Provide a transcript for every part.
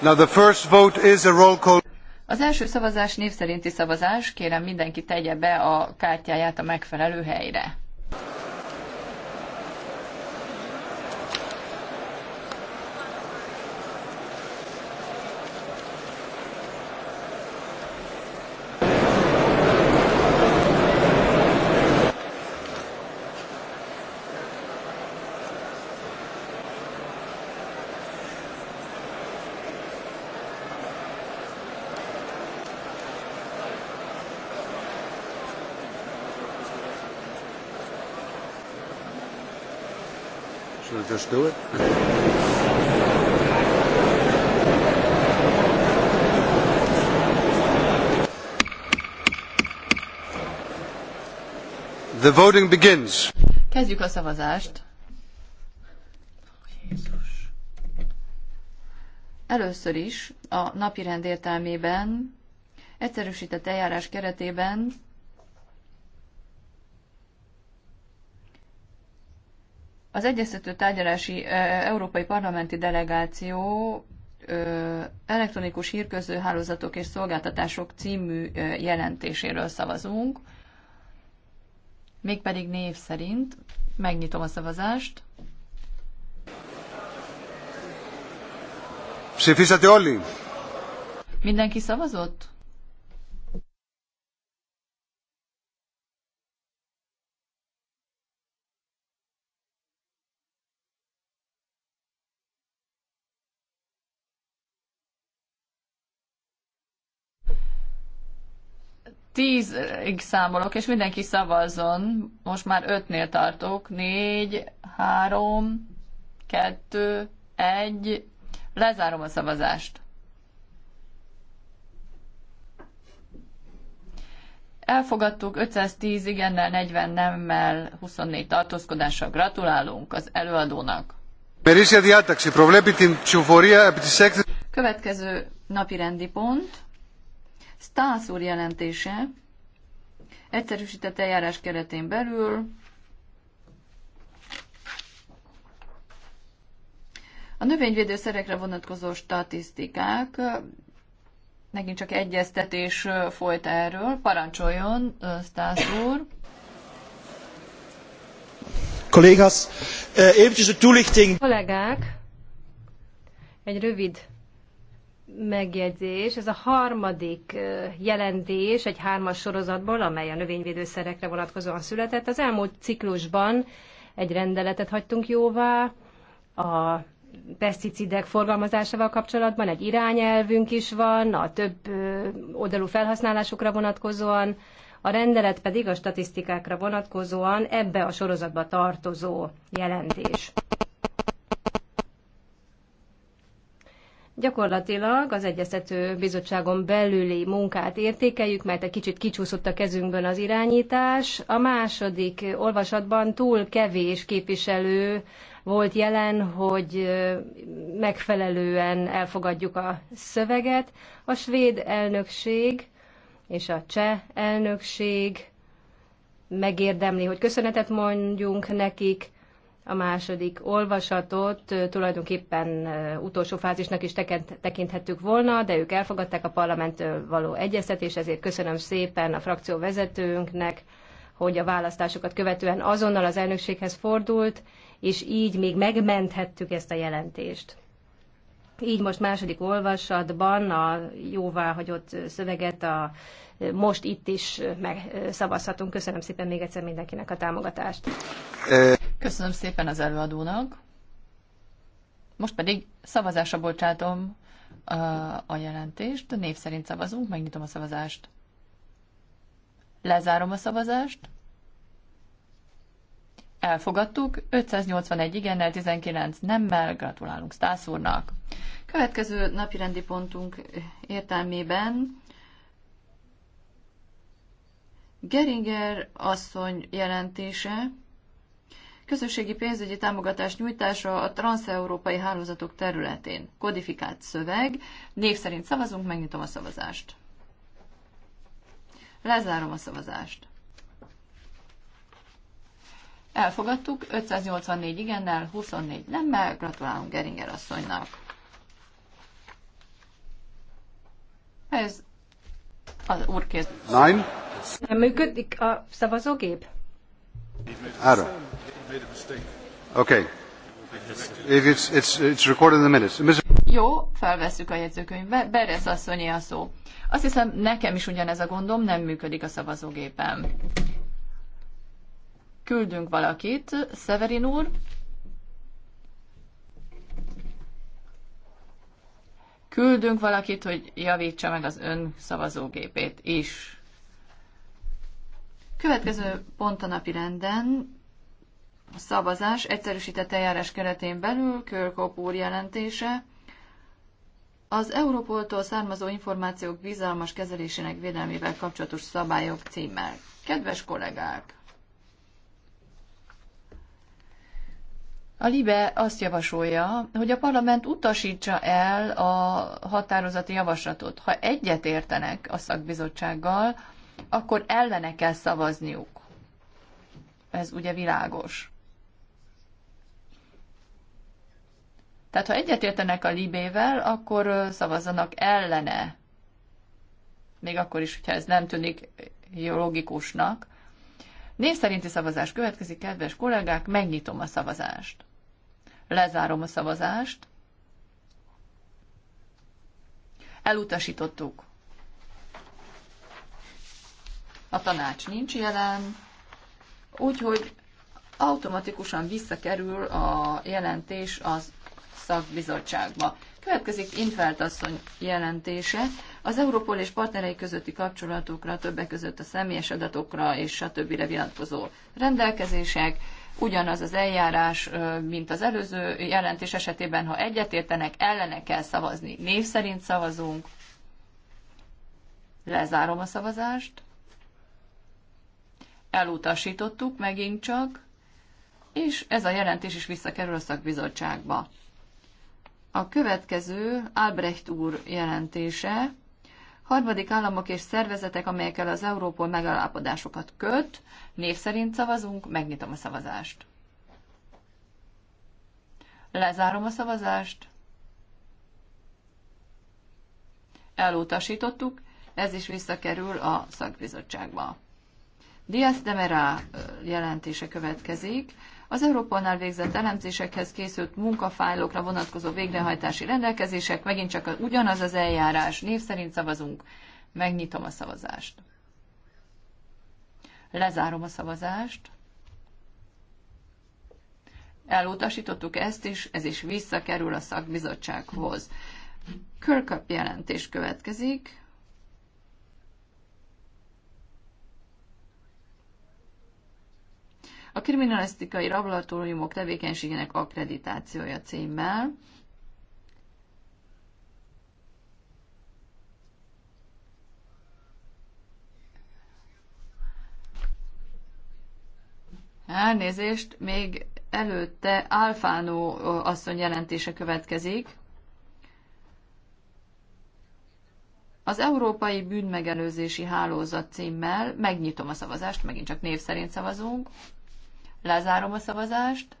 Now the first vote is a roll call. Az első szavazás név szerinti szavazás, kérem mindenki tegye be a kártyáját a megfelelő helyre. Should I just do it? The voting begins. Kezdjük a szavazást. Először is a rend értelmében egyszerűsített eljárás keretében Az egyeztető tárgyalási európai parlamenti delegáció elektronikus hálózatok és szolgáltatások című jelentéséről szavazunk, mégpedig név szerint. Megnyitom a szavazást. Mindenki szavazott? tízig számolok, és mindenki szavazzon. Most már ötnél tartok. Négy, három, kettő, egy. Lezárom a szavazást. Elfogadtuk 510 igennel, 40 nemmel, 24 tartózkodással. Gratulálunk az előadónak. Következő napi rendi pont. Stász úr jelentése egyszerűsített eljárás keretén belül a növényvédőszerekre vonatkozó statisztikák megint csak egyeztetés folyt erről. Parancsoljon, Stász úr! Collega's, eventjes eh, een toelichting. egy rövid megjegyzés, ez a harmadik jelentés egy hármas sorozatból, amely a növényvédőszerekre vonatkozóan született. Az elmúlt ciklusban egy rendeletet hagytunk jóvá, a peszticidek forgalmazásával kapcsolatban egy irányelvünk is van, a több oldalú felhasználásukra vonatkozóan, a rendelet pedig a statisztikákra vonatkozóan ebbe a sorozatba tartozó jelentés. Gyakorlatilag az Egyeztető Bizottságon belüli munkát értékeljük, mert egy kicsit kicsúszott a kezünkből az irányítás. A második olvasatban túl kevés képviselő volt jelen, hogy megfelelően elfogadjuk a szöveget. A svéd elnökség és a cseh elnökség megérdemli, hogy köszönetet mondjunk nekik, a második olvasatot tulajdonképpen utolsó fázisnak is tekinthettük volna, de ők elfogadták a parlamenttől való egyeztetés, ezért köszönöm szépen a frakció vezetőnknek, hogy a választásokat követően azonnal az elnökséghez fordult, és így még megmenthettük ezt a jelentést. Így most második olvasatban a jóváhagyott szöveget a most itt is megszavazhatunk. Köszönöm szépen még egyszer mindenkinek a támogatást. Köszönöm szépen az előadónak. Most pedig szavazásra bocsátom a jelentést. Név szerint szavazunk, megnyitom a szavazást. Lezárom a szavazást. Elfogadtuk, 581 igennel, 19 nemmel, gratulálunk Stász úrnak. Következő napirendi pontunk értelmében Geringer asszony jelentése, közösségi pénzügyi támogatás nyújtása a transeurópai hálózatok területén. Kodifikált szöveg. Név szerint szavazunk, megnyitom a szavazást. Lezárom a szavazást. Elfogadtuk, 584 igennel, 24 nemmel, gratulálunk Geringer asszonynak. Ez az úr kérdés. Nem működik a szavazógép? Ára. Okay. If it's, it's, it's recorded in the minutes. Ms. Jó, felveszük a jegyzőkönyvbe. Beresz asszonyé a szó. Azt hiszem, nekem is ugyanez a gondom, nem működik a szavazógépem. Küldünk valakit. Severin úr. Küldünk valakit, hogy javítsa meg az ön szavazógépét is. Következő pont a napi renden a szavazás egyszerűsített eljárás keretén belül Körkop úr jelentése az Európoltól származó információk bizalmas kezelésének védelmével kapcsolatos szabályok címmel. Kedves kollégák! A LIBE azt javasolja, hogy a parlament utasítsa el a határozati javaslatot. Ha egyet értenek a szakbizottsággal, akkor ellene kell szavazniuk. Ez ugye világos. Tehát ha egyetértenek a libével, akkor szavazzanak ellene. Még akkor is, hogyha ez nem tűnik logikusnak. Név szerinti szavazás következik, kedves kollégák, megnyitom a szavazást. Lezárom a szavazást. Elutasítottuk. A tanács nincs jelen, úgyhogy automatikusan visszakerül a jelentés az szakbizottságba. Következik Infelt asszony jelentése. Az Európol és partnerei közötti kapcsolatokra, többek között a személyes adatokra és stb. vonatkozó rendelkezések. Ugyanaz az eljárás, mint az előző jelentés esetében, ha egyetértenek, ellene kell szavazni. Név szerint szavazunk. Lezárom a szavazást. Elutasítottuk megint csak, és ez a jelentés is visszakerül a szakbizottságba. A következő Albrecht úr jelentése. Harmadik államok és szervezetek, amelyekkel az Európol megállapodásokat köt. Név szerint szavazunk, megnyitom a szavazást. Lezárom a szavazást. Elutasítottuk, ez is visszakerül a szakbizottságba. Diaz Demera jelentése következik. Az Európánál végzett elemzésekhez készült munkafájlokra vonatkozó végrehajtási rendelkezések, megint csak ugyanaz az eljárás, név szerint szavazunk. Megnyitom a szavazást. Lezárom a szavazást. Elutasítottuk ezt is, ez is visszakerül a szakbizottsághoz. Körkap jelentés következik. a kriminalisztikai laboratóriumok tevékenységének akkreditációja címmel. Elnézést, még előtte Alfánó asszony jelentése következik. Az Európai Bűnmegelőzési Hálózat címmel megnyitom a szavazást, megint csak név szerint szavazunk. Lezárom a szavazást.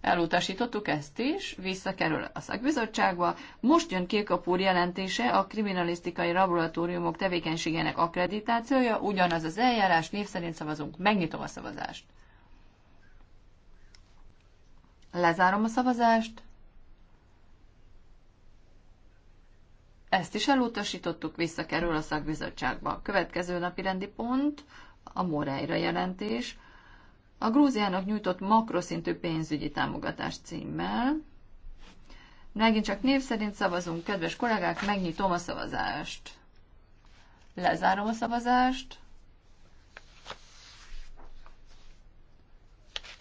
Elutasítottuk ezt is, visszakerül a szakbizottságba. Most jön Kékapúr jelentése, a kriminalisztikai laboratóriumok tevékenységének akkreditációja, ugyanaz az eljárás, név szerint szavazunk, megnyitom a szavazást. Lezárom a szavazást. Ezt is elutasítottuk, visszakerül a szakbizottságba. Következő napi rendi pont, a Moreira jelentés, a Grúziának nyújtott makroszintű pénzügyi támogatás címmel. Megint csak név szerint szavazunk, kedves kollégák, megnyitom a szavazást. Lezárom a szavazást.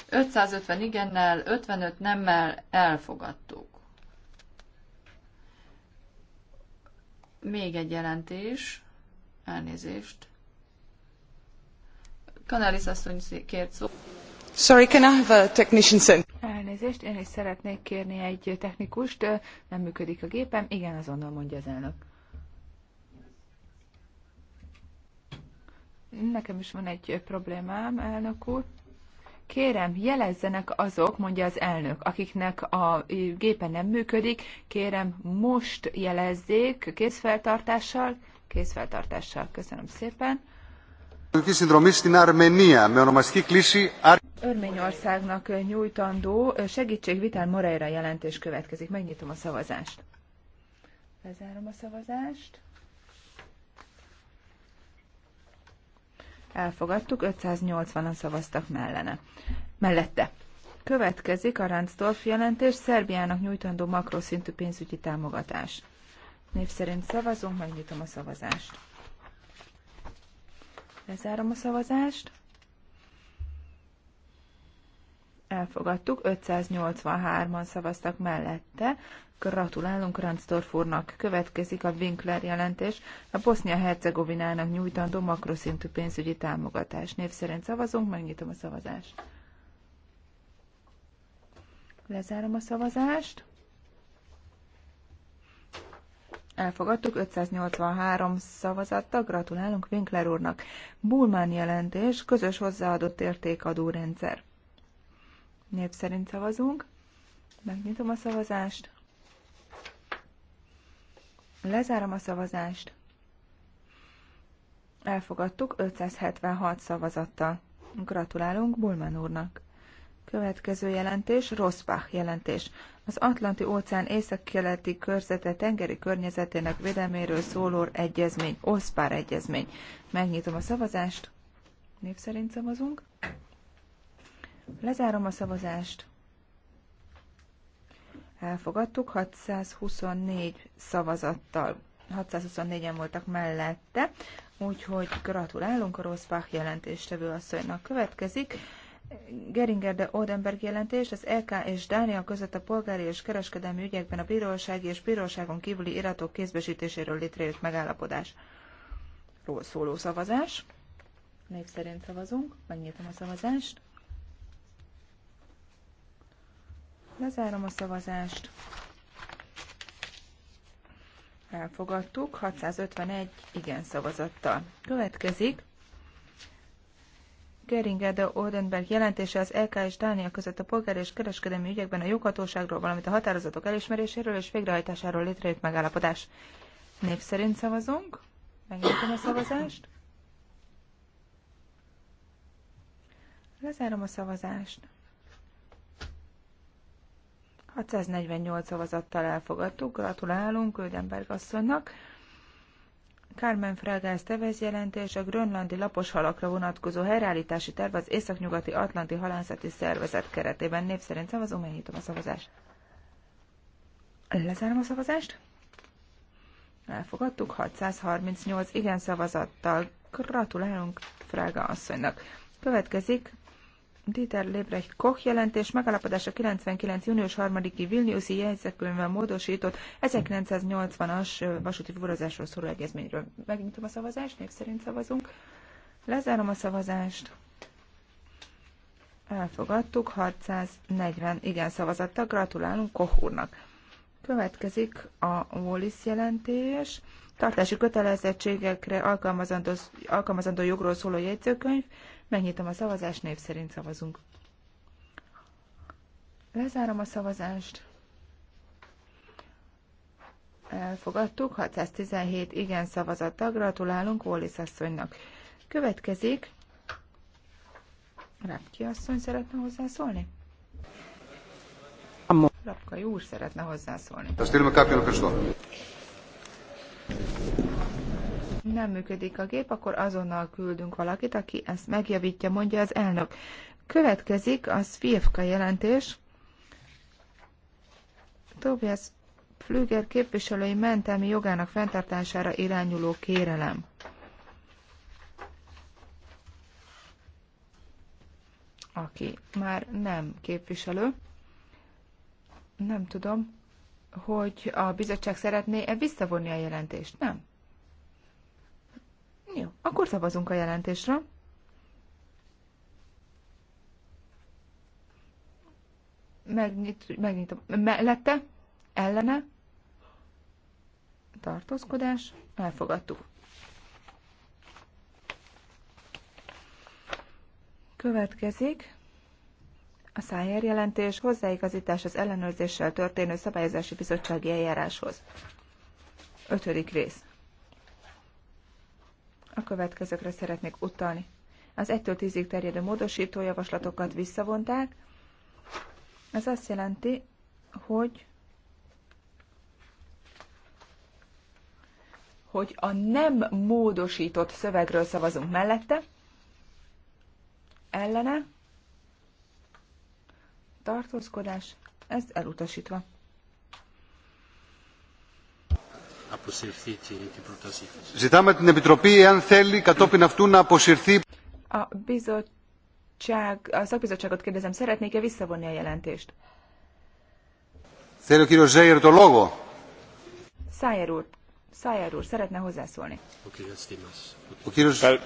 550 igennel, 55 nemmel elfogadtuk. Még egy jelentés, elnézést. Kanalis asszony kért szó. Sorry, can I have a technician send? Elnézést, én is szeretnék kérni egy technikust. Nem működik a gépem. Igen, azonnal mondja az elnök. Nekem is van egy problémám, elnök úr. Kérem, jelezzenek azok, mondja az elnök, akiknek a gépe nem működik, kérem, most jelezzék készfeltartással, készfeltartással. Köszönöm szépen. Örményországnak nyújtandó segítségvitel Moreira jelentés következik. Megnyitom a szavazást. Lezárom a szavazást. Elfogadtuk, 580-an szavaztak mellene. Mellette. Következik a Ranzdorf jelentés, Szerbiának nyújtandó makroszintű pénzügyi támogatás. Név szerint szavazunk, megnyitom a szavazást. Lezárom a szavazást. Elfogadtuk, 583-an szavaztak mellette. Gratulálunk Ranzdorf úrnak. Következik a Winkler jelentés, a Bosznia-Hercegovinának nyújtandó makroszintű pénzügyi támogatás. Név szerint szavazunk, megnyitom a szavazást. Lezárom a szavazást. Elfogadtuk 583 szavazattal, gratulálunk Winkler úrnak. Bulmán jelentés, közös hozzáadott értékadó rendszer. Név szerint szavazunk. Megnyitom a szavazást. Lezárom a szavazást. Elfogadtuk 576 szavazattal. Gratulálunk Bulman úrnak. Következő jelentés, Rosbach jelentés az Atlanti óceán északkeleti körzete tengeri környezetének védelméről szóló egyezmény, OSPAR egyezmény. Megnyitom a szavazást. Név szerint szavazunk. Lezárom a szavazást. Elfogadtuk 624 szavazattal. 624-en voltak mellette, úgyhogy gratulálunk a Rosbach jelentéstevő asszonynak. Következik Geringer de Odenberg jelentés az EK és Dánia között a polgári és kereskedelmi ügyekben a bírósági és bíróságon kívüli iratok kézbesítéséről létrejött Ról szóló szavazás. Név szerint szavazunk, megnyitom a szavazást. Lezárom a szavazást. Elfogadtuk 651 igen szavazattal. Következik Geringer de Oldenberg jelentése az LK és Dánia között a polgári és kereskedelmi ügyekben a joghatóságról, valamint a határozatok elismeréséről és végrehajtásáról létrejött megállapodás. Név szerint szavazunk. Megnyitom a szavazást. Lezárom a szavazást. 648 szavazattal elfogadtuk. Gratulálunk Oldenberg asszonynak. Carmen Fraga Esteves jelentés a grönlandi lapos halakra vonatkozó helyreállítási terv az Északnyugati Atlanti Halászati Szervezet keretében. Név szerint szavazom, megnyitom a szavazást. Lezárom a szavazást. Elfogadtuk 638 igen szavazattal. Gratulálunk Frága asszonynak. Következik Dieter Lebrecht Koch jelentés megalapodása 99. június 3-i Vilniuszi jegyzőkönyvvel módosított 1980-as vasúti fuvarozásról szóló egyezményről. Megnyitom a szavazást, név szerint szavazunk. Lezárom a szavazást. Elfogadtuk 640 igen szavazattal. Gratulálunk Koch úrnak. Következik a Wallis jelentés, tartási kötelezettségekre alkalmazandó, alkalmazandó jogról szóló jegyzőkönyv. Megnyitom a szavazás név szerint szavazunk. Lezárom a szavazást. Elfogadtuk, 617 igen szavazattal. Gratulálunk Wallis asszonynak. Következik. Rápki asszony szeretne hozzászólni? Rapkai úr szeretne hozzászólni. Nem működik a gép, akkor azonnal küldünk valakit, aki ezt megjavítja, mondja az elnök. Következik a Sfievka jelentés. Tobias Flüger képviselői mentelmi jogának fenntartására irányuló kérelem. Aki már nem képviselő. Nem tudom, hogy a bizottság szeretné-e visszavonni a jelentést, nem? Jó, akkor szavazunk a jelentésre. Megnyit, megnyitom. Mellette? Ellene? Tartózkodás? Elfogadtuk. Következik a Szájer jelentés hozzáigazítás az ellenőrzéssel történő szabályozási bizottsági eljáráshoz. Ötödik rész. A következőkre szeretnék utalni. Az 1-től 10-ig terjedő módosító javaslatokat visszavonták. Ez azt jelenti, hogy hogy a nem módosított szövegről szavazunk mellette, ellene, tartózkodás, ezt elutasítva. A bizottság, a szakbizottságot kérdezem, szeretnék-e visszavonni a jelentést? Szájer úr, Szájer úr, szeretne hozzászólni. Ο okay. Δήμας. Ο κύριος... Ε...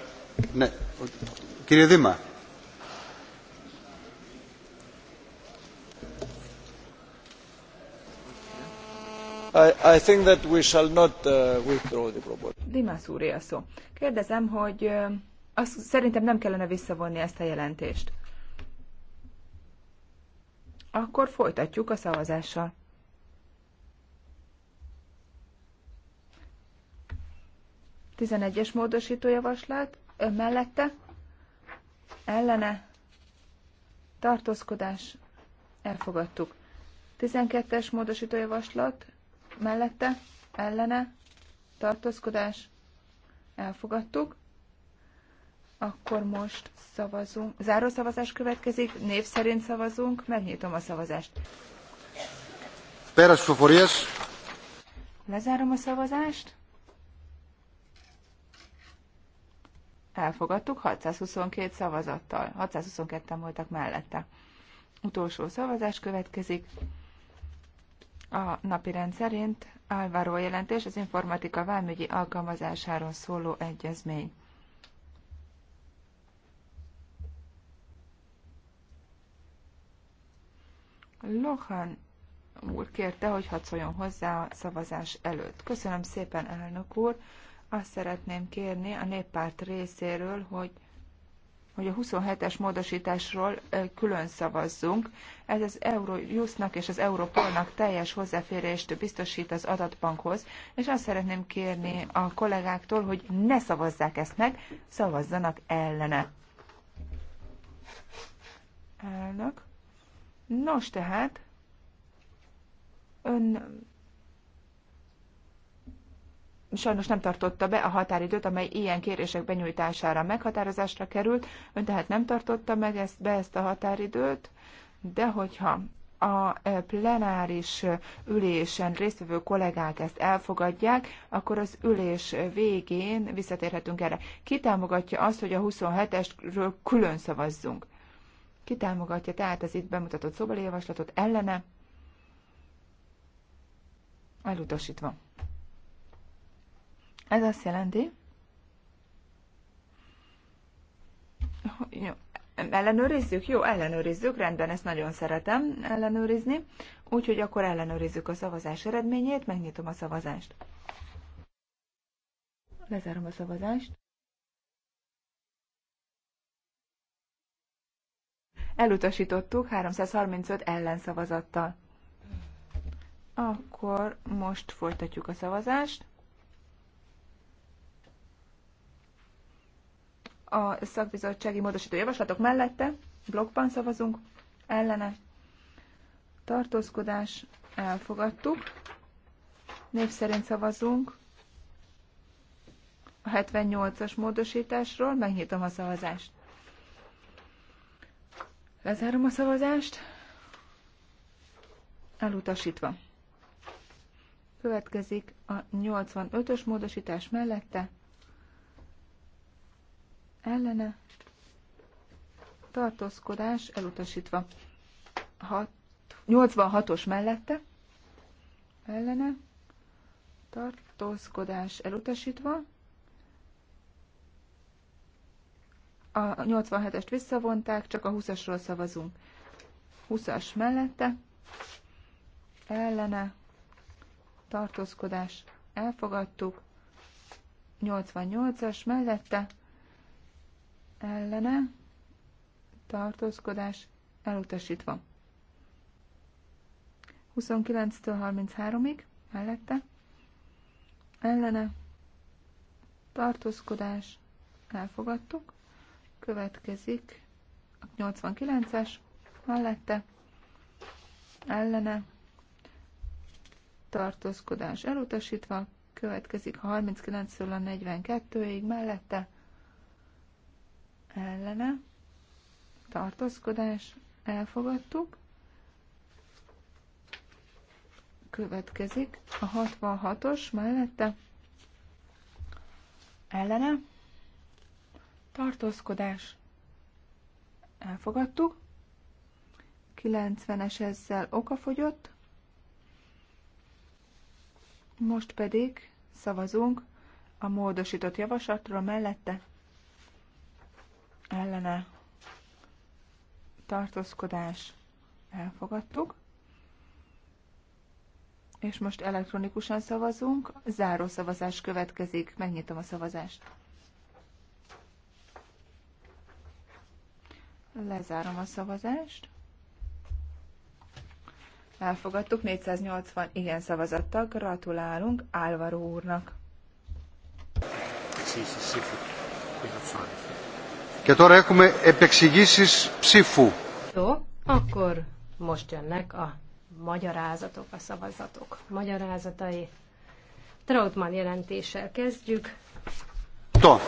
I, think that we shall not uh, withdraw the proposal. úr szó. Kérdezem, hogy azt szerintem nem kellene visszavonni ezt a jelentést. Akkor folytatjuk a szavazással. Tizenegyes módosító javaslat mellette ellene tartózkodás elfogadtuk. 12-es módosítójavaslat mellette, ellene, tartózkodás, elfogadtuk. Akkor most szavazunk. Záró szavazás következik, név szerint szavazunk, megnyitom a szavazást. Peres Foforias. Lezárom a szavazást. Elfogadtuk 622 szavazattal. 622-en voltak mellette. Utolsó szavazás következik. A napi rendszerint Álváró jelentés az informatika vámügyi alkalmazásáról szóló egyezmény. Lohan úr kérte, hogy hadd szóljon hozzá a szavazás előtt. Köszönöm szépen, elnök úr! Azt szeretném kérni a néppárt részéről, hogy hogy a 27-es módosításról külön szavazzunk. Ez az Eurojustnak és az Europolnak teljes hozzáférést biztosít az adatbankhoz, és azt szeretném kérni a kollégáktól, hogy ne szavazzák ezt meg, szavazzanak ellene. Elnök. Nos tehát, ön sajnos nem tartotta be a határidőt, amely ilyen kérések benyújtására meghatározásra került. Ön tehát nem tartotta meg ezt, be ezt a határidőt, de hogyha a e, plenáris ülésen résztvevő kollégák ezt elfogadják, akkor az ülés végén visszatérhetünk erre. Ki támogatja azt, hogy a 27-esről külön szavazzunk? Ki támogatja tehát az itt bemutatott szobali javaslatot ellene? Elutasítva. Ez azt jelenti, jó, ellenőrizzük? Jó, ellenőrizzük, rendben, ezt nagyon szeretem ellenőrizni. Úgyhogy akkor ellenőrizzük a szavazás eredményét, megnyitom a szavazást. Lezárom a szavazást. Elutasítottuk 335 ellenszavazattal. Akkor most folytatjuk a szavazást. a szakbizottsági módosító javaslatok mellette, blokkban szavazunk, ellene, tartózkodás, elfogadtuk, név szerint szavazunk a 78-as módosításról, megnyitom a szavazást. Lezárom a szavazást, elutasítva. Következik a 85-ös módosítás mellette, ellene tartózkodás elutasítva. 86-os mellette ellene tartózkodás elutasítva. A 87-est visszavonták, csak a 20-asról szavazunk. 20-as mellette ellene tartózkodás elfogadtuk. 88-as mellette ellene tartózkodás elutasítva. 29-től 33-ig mellette ellene tartózkodás elfogadtuk. Következik a 89-es mellette ellene tartózkodás elutasítva. Következik a 39-től a 42-ig mellette ellene, tartózkodás, elfogadtuk. Következik a 66-os mellette, ellene, tartózkodás, elfogadtuk. 90-es ezzel okafogyott. Most pedig szavazunk a módosított javaslatról mellette ellene tartózkodás elfogadtuk. És most elektronikusan szavazunk. Záró szavazás következik. Megnyitom a szavazást. Lezárom a szavazást. Elfogadtuk 480 igen szavazattal. Gratulálunk Álvaro úrnak. Sí, sí, sí. Και τώρα έχουμε επεξηγήσεις ψήφου. Jó, akkor most jönnek a magyarázatok, a szavazatok magyarázatai. Trautmann jelentéssel kezdjük. To.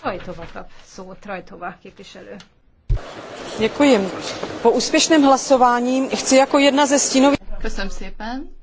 Trajtova kap szó, Trajtova képviselő. Děkuji. Po úspěšném hlasování chci jako jedna ze stínových... Köszönöm szépen.